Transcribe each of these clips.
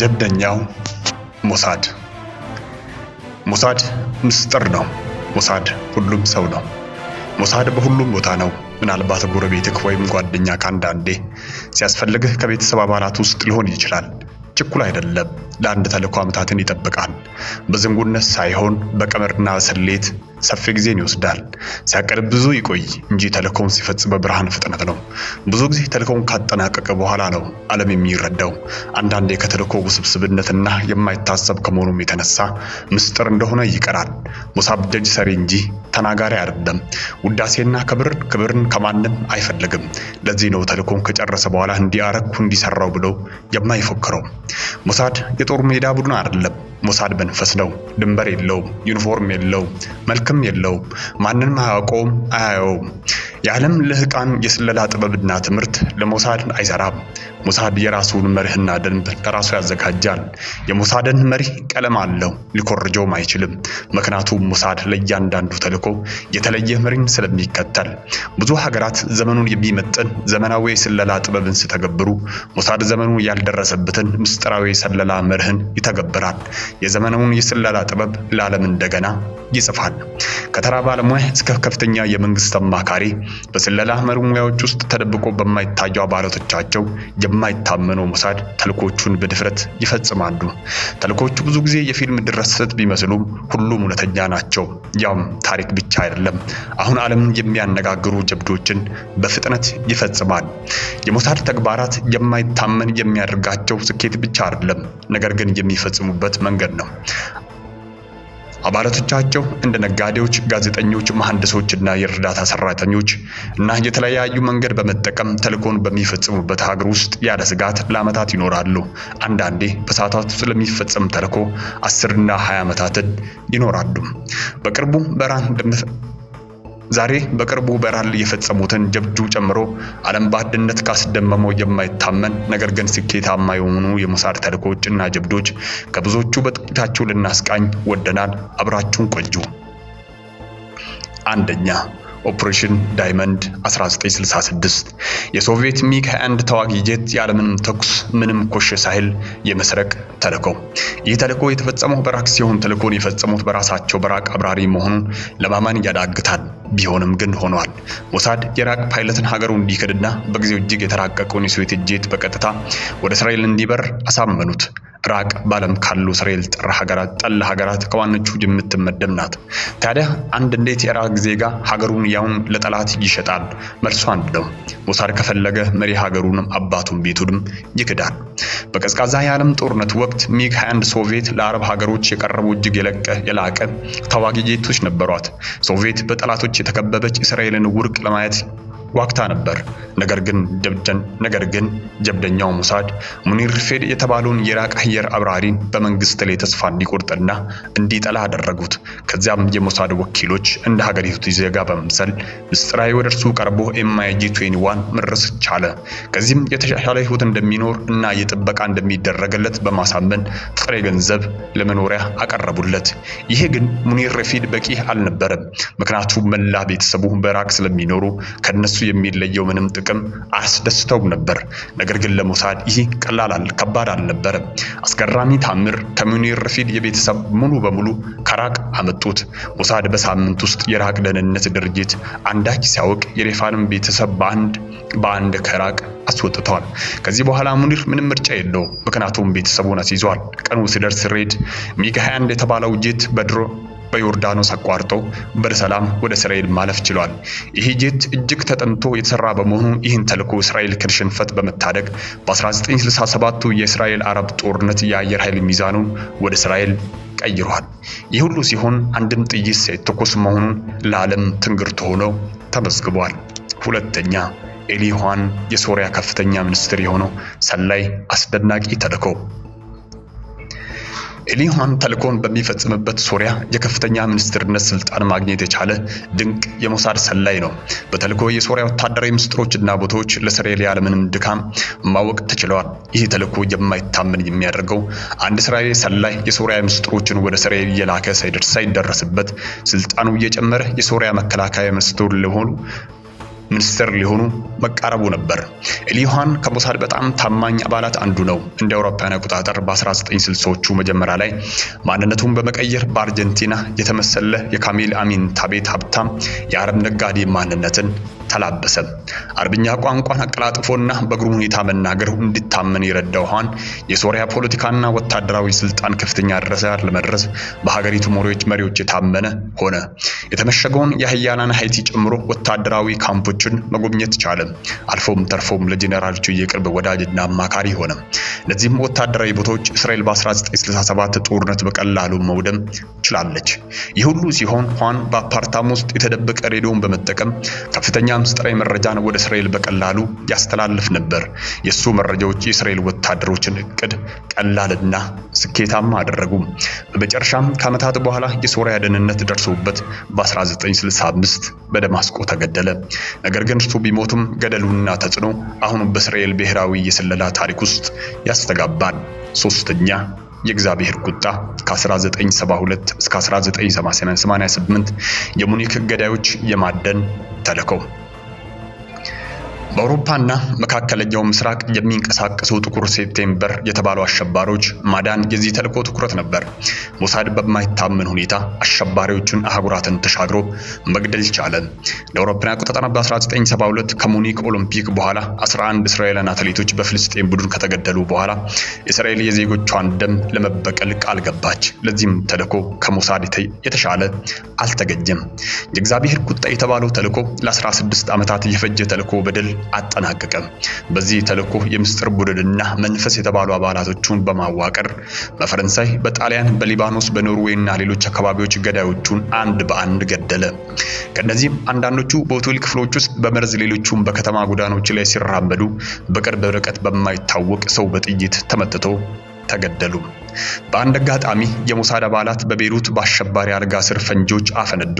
ጀብደኛው ሞሳድ ሞሳድ ምስጢር ነው። ሞሳድ ሁሉም ሰው ነው። ሞሳድ በሁሉም ቦታ ነው። ምናልባት ጎረቤትህ ወይም ጓደኛ ከአንዳንዴ ሲያስፈልግህ ከቤተሰብ አባላት ውስጥ ሊሆን ይችላል። ችኩል አይደለም። ለአንድ ተልዕኮ ዓመታትን ይጠብቃል። በዝንጉነት ሳይሆን በቀመርና ስሌት ሰፊ ጊዜን ይወስዳል። ሲያቀድ ብዙ ይቆይ እንጂ ተልእኮውን ሲፈጽም በብርሃን ፍጥነት ነው። ብዙ ጊዜ ተልእኮውን ካጠናቀቀ በኋላ ነው ዓለም የሚረዳው። አንዳንዴ ከተልእኮ ውስብስብነትና የማይታሰብ ከመሆኑም የተነሳ ምስጢር እንደሆነ ይቀራል። ሙሳብደጅ ሰሪ እንጂ ተናጋሪ አይደለም። ውዳሴና ክብር ክብርን ከማንም አይፈልግም። ለዚህ ነው ተልእኮውን ከጨረሰ በኋላ እንዲያረኩ እንዲሰራው ብለው የማይፎክረው። ሙሳድ የጦር ሜዳ ቡድን አይደለም። ሞሳድ መንፈስ ነው። ድንበር የለውም፣ ዩኒፎርም የለውም፣ መልክም የለውም። ማንንም አያውቀውም፣ አያየውም። የዓለም ልህቃን የስለላ ጥበብና ትምህርት ለሞሳድ አይሰራም። ሞሳድ የራሱን መርህና ደንብ ለራሱ ያዘጋጃል። የሞሳድን መሪ ቀለም አለው፣ ሊኮርጀውም አይችልም። ምክንያቱም ሞሳድ ለእያንዳንዱ ተልዕኮ የተለየ መሪን ስለሚከተል። ብዙ ሀገራት ዘመኑን የሚመጥን ዘመናዊ የስለላ ጥበብን ሲተገብሩ፣ ሞሳድ ዘመኑ ያልደረሰበትን ምስጢራዊ የስለላ መርህን ይተገብራል። የዘመኑን የስለላ ጥበብ ለዓለም እንደገና ይጽፋል። ከተራ ባለሙያ እስከ ከፍተኛ የመንግስት አማካሪ በስለላ ሙያዎች ውስጥ ተደብቆ በማይታዩ አባላቶቻቸው የማይታመነው ሞሳድ ተልኮቹን በድፍረት ይፈጽማሉ። ተልኮቹ ብዙ ጊዜ የፊልም ድርሰት ቢመስሉም ሁሉም እውነተኛ ናቸው። ያም ታሪክ ብቻ አይደለም፣ አሁን ዓለምን የሚያነጋግሩ ጀብዶችን በፍጥነት ይፈጽማል። የሞሳድ ተግባራት የማይታመን የሚያደርጋቸው ስኬት ብቻ አይደለም፣ ነገር ግን የሚፈጽሙበት መንገድ ነው። አባላቶቻቸው እንደ ነጋዴዎች፣ ጋዜጠኞች፣ እና የእርዳታ ሰራተኞች እና የተለያዩ መንገድ በመጠቀም ተልእኮን በሚፈጽሙበት ሀገር ውስጥ ያለ ስጋት ለዓመታት ይኖራሉ። አንዳንዴ በሰዓታት ውስጥ ለሚፈጸም ተልእኮ አስርና ሃያ ዓመታትን ይኖራሉ። በቅርቡ በራን ዛሬ በቅርቡ በራል የፈጸሙትን ጀብዱ ጨምሮ ዓለም በአንድነት ካስደመመው የማይታመን ነገር ግን ስኬታማ የሆኑ የሞሳድ ተልእኮች እና ጀብዶች ከብዙዎቹ በጥቂታቸው ልናስቃኝ ወደናል። አብራችሁን ቆዩ። አንደኛ ኦፕሬሽን ዳይመንድ 1966 የሶቪየት ሚግ 21 ተዋጊ ጄት ያለምንም ተኩስ ምንም ኮሽ ሳይል የመስረቅ ተልእኮ። ይህ ተልእኮ የተፈጸመው በራክ ሲሆን ተልእኮን የፈጸሙት በራሳቸው በራቅ አብራሪ መሆኑን ለማማን ያዳግታል። ቢሆንም ግን ሆኗል። ሞሳድ የራቅ ፓይለትን ሀገሩ እንዲክድና በጊዜው እጅግ የተራቀቀውን የሶቪየት ጄት በቀጥታ ወደ እስራኤል እንዲበር አሳመኑት። ኢራቅ በዓለም ካሉ እስራኤል ጥር ሀገራት ጠላ ሀገራት ከዋነቹ የምትመደብ ናት። ታዲያ አንድ እንዴት የኢራቅ ዜጋ ሀገሩን ያውን ለጠላት ይሸጣል? መልሱ አንድ ነው። ሞሳድ ከፈለገ መሪ ሀገሩንም አባቱን ቤቱንም ይክዳል። በቀዝቃዛ የዓለም ጦርነት ወቅት ሚግ 21 ሶቪየት ለአረብ ሀገሮች የቀረቡ እጅግ የለቀ የላቀ ተዋጊ ጄቶች ነበሯት። ሶቪየት በጠላቶች የተከበበች እስራኤልን ውርቅ ለማየት ዋግታ ነበር። ነገር ግን ጀብደኛው ሙሳድ ሙኒር ፌድ የተባለውን የኢራቅ አየር አብራሪን በመንግስት ላይ ተስፋ እንዲቆርጥና እንዲጠላ አደረጉት። ከዚያም የሞሳድ ወኪሎች እንደ ሀገሪቱ ዜጋ በመምሰል ምስጢራዊ ወደ እርሱ ቀርቦ ኤምአይጂ 21 መድረስ ቻለ። ከዚህም የተሻሻለ ህይወት እንደሚኖር እና የጥበቃ እንደሚደረግለት በማሳመን ጥሬ ገንዘብ ለመኖሪያ አቀረቡለት። ይሄ ግን ሙኒር ፌድ በቂ አልነበረም። ምክንያቱም መላ ቤተሰቡ በራቅ ስለሚኖሩ ከነሱ የሚለየው ምንም ጥቅም አያስደስተውም ነበር። ነገር ግን ለሞሳድ ይህ ቀላል ከባድ አልነበረም። አስገራሚ ታምር ከሙኒር ረሺድ የቤተሰብ ሙሉ በሙሉ ከራቅ አመጡት። ሞሳድ በሳምንት ውስጥ የኢራቅ ደህንነት ድርጅት አንዳች ሲያውቅ የሬፋንም ቤተሰብ በአንድ በአንድ ከራቅ አስወጥተዋል። ከዚህ በኋላ ሙኒር ምንም ምርጫ የለው ምክንያቱም ቤተሰቡን አስይዟል። ቀኑ ሲደርስ ሬድ ሚግ 21 የተባለው ጄት በድሮ በዮርዳኖስ አቋርጦ በሰላም ወደ እስራኤል ማለፍ ችሏል። ይህ ጄት እጅግ ተጠንቶ የተሰራ በመሆኑ ይህን ተልዕኮ እስራኤል ከሽንፈት በመታደግ በ1967ቱ የእስራኤል አረብ ጦርነት የአየር ኃይል ሚዛኑን ወደ እስራኤል ቀይሯል። ይህ ሁሉ ሲሆን አንድም ጥይት ሳይተኮስ መሆኑን ለዓለም ትንግርት ሆኖ ተመዝግቧል። ሁለተኛ ኤሊሆን የሶሪያ ከፍተኛ ሚኒስትር የሆነው ሰላይ አስደናቂ ተልዕኮ ኤሊሁን ተልእኮን በሚፈጽምበት ሶሪያ የከፍተኛ ሚኒስትርነት ስልጣን ማግኘት የቻለ ድንቅ የሞሳድ ሰላይ ነው። በተልእኮ የሶሪያ ወታደራዊ ምስጢሮችና ቦታዎች ለእስራኤል ያለምንም ድካም ማወቅ ተችለዋል። ይህ ተልእኮ የማይታመን የሚያደርገው አንድ እስራኤል ሰላይ የሶሪያ ምስጢሮችን ወደ እስራኤል እየላከ ሳይደረስበት ስልጣኑ እየጨመረ የሶሪያ መከላከያ ሚኒስትር ለሆኑ ሚኒስትር ሊሆኑ መቃረቡ ነበር። ኤሊዮሃን ከሞሳድ በጣም ታማኝ አባላት አንዱ ነው። እንደ አውሮፓውያን አቆጣጠር በ1960ዎቹ መጀመሪያ ላይ ማንነቱን በመቀየር በአርጀንቲና የተመሰለ የካሜል አሚን ታቤት ሀብታም የአረብ ነጋዴ ማንነትን ተላበሰ። አረብኛ ቋንቋን አቀላጥፎና በእግሩ ሁኔታ መናገር እንዲታመን የረዳው ሐን የሶሪያ ፖለቲካና ወታደራዊ ስልጣን ከፍተኛ ደረጃ ለመድረስ በሀገሪቱ መሪዎች የታመነ ሆነ። የተመሸገውን የአህያናን ሀይቲ ጨምሮ ወታደራዊ ካምፖችን መጎብኘት ቻለ። አልፎም ተርፎም ለጄኔራሎቹ የቅርብ ወዳጅና አማካሪ ሆነ። ለዚህም ወታደራዊ ቦታዎች እስራኤል በ1967 ጦርነት በቀላሉ መውደም ችላለች። ይህ ሁሉ ሲሆን ኋን በአፓርታም ውስጥ የተደበቀ ሬዲዮን በመጠቀም ከፍተኛ የሰላም መረጃን ወደ እስራኤል በቀላሉ ያስተላልፍ ነበር። የእሱ መረጃዎች የእስራኤል ወታደሮችን እቅድ ቀላልና ስኬታማ አደረጉ። በመጨረሻም ከዓመታት በኋላ የሶሪያ ደህንነት ደርሶበት በ1965 በደማስቆ ተገደለ። ነገር ግን እርሱ ቢሞትም ገደሉና ተጽዕኖ አሁኑ በእስራኤል ብሔራዊ የስለላ ታሪክ ውስጥ ያስተጋባል። ሶስተኛ የእግዚአብሔር ቁጣ ከ1972 እስከ 1988 የሙኒክ ገዳዮች የማደን ተልዕኮ በአውሮፓና መካከለኛው ምስራቅ የሚንቀሳቀሱ ጥቁር ሴፕቴምበር የተባሉ አሸባሪዎች ማዳን የዚህ ተልዕኮ ትኩረት ነበር። ሞሳድ በማይታመን ሁኔታ አሸባሪዎቹን አህጉራትን ተሻግሮ መግደል ቻለ። እንደ አውሮፓውያን አቆጣጠር በ1972 ከሙኒክ ኦሎምፒክ በኋላ 11 እስራኤላን አትሌቶች በፍልስጤም ቡድን ከተገደሉ በኋላ እስራኤል የዜጎቿን ደም ለመበቀል ቃል ገባች። ለዚህም ተልዕኮ ከሞሳድ የተሻለ አልተገኘም። የእግዚአብሔር ቁጣ የተባለው ተልዕኮ ለ16 ዓመታት የፈጀ ተልዕኮ በድል አጠናቀቀ። በዚህ ተልዕኮ የምስጢር ቡድንና መንፈስ የተባሉ አባላቶቹን በማዋቀር በፈረንሳይ፣ በጣሊያን፣ በሊባኖስ፣ በኖርዌይና ሌሎች አካባቢዎች ገዳዮቹን አንድ በአንድ ገደለ። ከእነዚህም አንዳንዶቹ በሆቴል ክፍሎች ውስጥ በመርዝ ሌሎቹም በከተማ ጎዳናዎች ላይ ሲራመዱ በቅርብ ርቀት በማይታወቅ ሰው በጥይት ተመትቶ ተገደሉ። በአንድ አጋጣሚ የሞሳድ አባላት በቤሩት በአሸባሪ አልጋ ስር ፈንጂዎች አፈነዱ።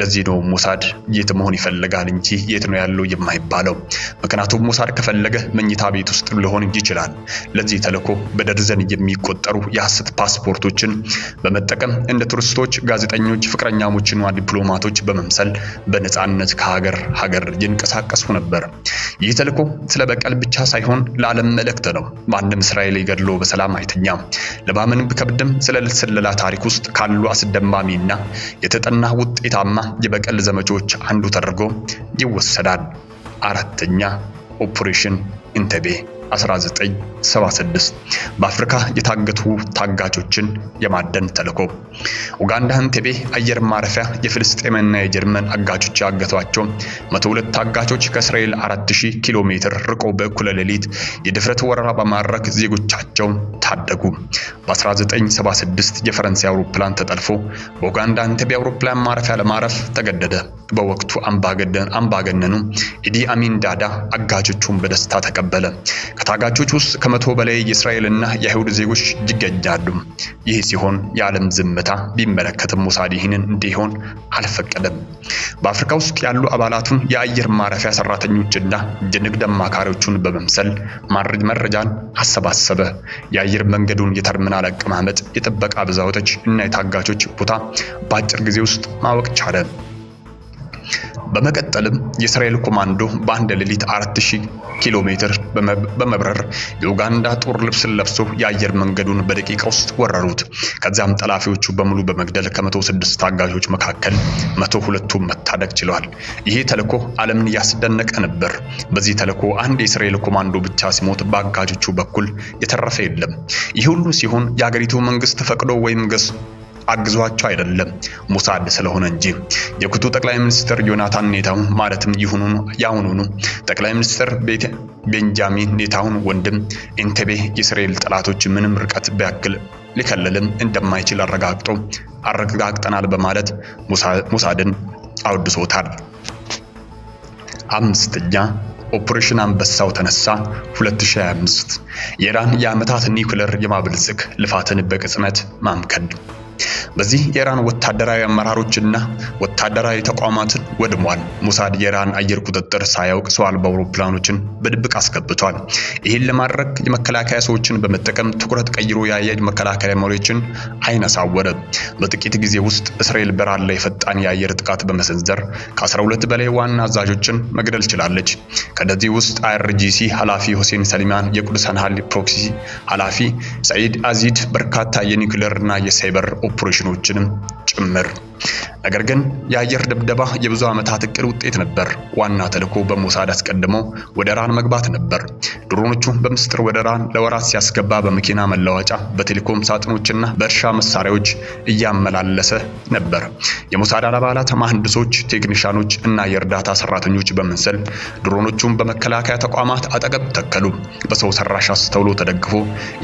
ለዚህ ነው ሞሳድ የት መሆን ይፈልጋል እንጂ የት ነው ያለው የማይባለው። ምክንያቱም ሞሳድ ከፈለገ መኝታ ቤት ውስጥ ሊሆን ይችላል። ለዚህ ተልዕኮ በደርዘን የሚቆጠሩ የሐሰት ፓስፖርቶችን በመጠቀም እንደ ቱሪስቶች፣ ጋዜጠኞች፣ ፍቅረኛሞችና ዲፕሎማቶች በመምሰል በነፃነት ከሀገር ሀገር ይንቀሳቀሱ ነበር። ይህ ተልዕኮ ስለ በቀል ብቻ ሳይሆን ለዓለም መልእክት ነው። ማንም እስራኤል ገድሎ በሰላም አይተኛም። የባመን ከብድም ስለ ስለላ ታሪክ ውስጥ ካሉ አስደማሚና የተጠና ውጤታማ የበቀል ዘመቻዎች አንዱ ተደርጎ ይወሰዳል። አራተኛ ኦፕሬሽን ኢንተቤ 1976 በአፍሪካ የታገቱ ታጋቾችን የማደን ተልዕኮ። ኡጋንዳ አንቴቤ አየር ማረፊያ የፍልስጤምና የጀርመን አጋቾች ያገቷቸው 102 ታጋቾች ከእስራኤል 4000 ኪሎ ሜትር ርቆ በእኩለ ሌሊት የድፍረት ወረራ በማድረግ ዜጎቻቸው ታደጉ። በ1976 የፈረንሳይ አውሮፕላን ተጠልፎ በኡጋንዳ አንቴቤ አውሮፕላን ማረፊያ ለማረፍ ተገደደ። በወቅቱ አምባገነኑ ኢዲ አሚን ዳዳ አጋቾቹን በደስታ ተቀበለ። ከታጋቾች ውስጥ ከመቶ በላይ የእስራኤልና የአይሁድ ዜጎች ይገኛሉ። ይህ ሲሆን የዓለም ዝምታ ቢመለከትም ሙሳድ ይህንን እንዲሆን አልፈቀደም። በአፍሪካ ውስጥ ያሉ አባላቱን የአየር ማረፊያ ሰራተኞችና የንግድ አማካሪዎቹን በመምሰል መረጃን አሰባሰበ። የአየር መንገዱን የተርሚናል አቀማመጥ፣ የጥበቃ ብዛቶች እና የታጋቾች ቦታ በአጭር ጊዜ ውስጥ ማወቅ ቻለ። በመቀጠልም የእስራኤል ኮማንዶ በአንድ ሌሊት 4000 ኪሎ ሜትር በመብረር የኡጋንዳ ጦር ልብስን ለብሶ የአየር መንገዱን በደቂቃ ውስጥ ወረሩት። ከዚያም ጠላፊዎቹ በሙሉ በመግደል ከ106 ታጋቾች መካከል 102ቱን መታደግ ችለዋል። ይህ ተልዕኮ ዓለምን ያስደነቀ ነበር። በዚህ ተልዕኮ አንድ የእስራኤል ኮማንዶ ብቻ ሲሞት በአጋጆቹ በኩል የተረፈ የለም። ይህ ሁሉ ሲሆን የአገሪቱ መንግስት ፈቅዶ ወይም ገስ አግዟቸው አይደለም ሙሳድ ስለሆነ እንጂ። የኩቱ ጠቅላይ ሚኒስትር ዮናታን ኔታሁ ማለትም ይሁኑኑ ያሁኑኑ ጠቅላይ ሚኒስትር ቤንጃሚን ኔታውን ወንድም ኢንተቤ የእስራኤል ጠላቶች ምንም ርቀት ቢያክል ሊከልልም እንደማይችል አረጋግጦ አረጋግጠናል በማለት ሙሳድን አውድሶታል። አምስተኛ ኦፕሬሽን አንበሳው ተነሳ 2025 የኢራን የዓመታት ኒውክለር የማብልጽግ ልፋትን በቅጽበት ማምከን በዚህ የኢራን ወታደራዊ አመራሮችና ወታደራዊ ተቋማትን ወድሟል። ሙሳድ የኢራን አየር ቁጥጥር ሳያውቅ ሰው አልባ አውሮፕላኖችን በድብቅ አስገብቷል። ይህን ለማድረግ የመከላከያ ሰዎችን በመጠቀም ትኩረት ቀይሮ የአየር መከላከያ መሪዎችን አይን አሳወረ። በጥቂት ጊዜ ውስጥ እስራኤል በኢራን ላይ ፈጣን የአየር ጥቃት በመሰንዘር ከ12 በላይ ዋና አዛዦችን መግደል ችላለች። ከነዚህ ውስጥ አይአርጂሲ ኃላፊ ሁሴን ሰሊማን፣ የቁድስ አንሃል ፕሮክሲ ኃላፊ ሰዒድ አዚድ፣ በርካታ እና የሳይበር ኦፕሬሽኖችንም ጭምር ነገር ግን የአየር ድብደባ የብዙ ዓመታት እቅድ ውጤት ነበር። ዋና ተልዕኮ በሞሳድ አስቀድሞ ወደ ኢራን መግባት ነበር። ድሮኖቹ በምስጢር ወደ ኢራን ለወራት ሲያስገባ በመኪና መለዋጫ፣ በቴሌኮም ሳጥኖችና በእርሻ መሳሪያዎች እያመላለሰ ነበር። የሞሳድ አባላት መሐንዲሶች፣ ቴክኒሻኖች እና የእርዳታ ሰራተኞች በመንሰል ድሮኖቹን በመከላከያ ተቋማት አጠገብ ተከሉ። በሰው ሰራሽ አስተውሎ ተደግፎ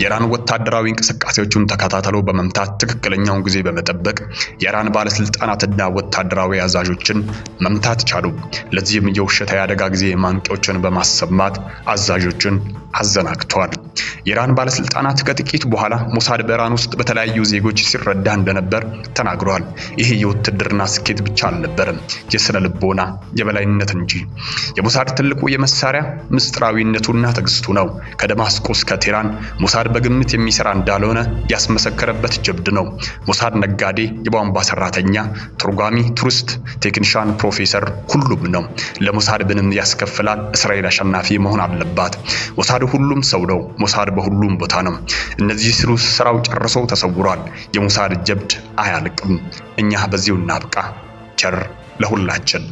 የኢራን ወታደራዊ እንቅስቃሴዎቹን ተከታተሎ በመምታት ትክክለኛውን ጊዜ በመጠበቅ የኢራን ባለስልጣናት እና ወታደራዊ አዛዦችን መምታት ቻሉ። ለዚህም የውሸታ የአደጋ ጊዜ ማንቂያዎችን በማሰማት አዛዦችን አዘናግቷል። የኢራን ባለስልጣናት ከጥቂት በኋላ ሞሳድ በኢራን ውስጥ በተለያዩ ዜጎች ሲረዳ እንደነበር ተናግሯል። ይህ የውትድርና ስኬት ብቻ አልነበረም፣ የስነ ልቦና የበላይነት እንጂ። የሞሳድ ትልቁ የመሳሪያ ምስጢራዊነቱና ትዕግስቱ ነው። ከደማስቆ እስከ ቴህራን ሞሳድ በግምት የሚሰራ እንዳልሆነ ያስመሰከረበት ጀብድ ነው። ሞሳድ ነጋዴ፣ የቧንቧ ሰራተኛ፣ ተርጓሚ፣ ቱሪስት፣ ቴክኒሻን፣ ፕሮፌሰር፣ ሁሉም ነው። ለሞሳድ ብንም ያስከፍላል። እስራኤል አሸናፊ መሆን አለባት። ሞሳድ ሁሉም ሰው ነው። ሞሳድ በሁሉም ቦታ ነው። እነዚህ ሲሉ ስራው ጨርሶ ተሰውሯል። የሙሳድ ጀብድ አያልቅም። እኛ በዚሁ እናብቃ። ቸር ለሁላችን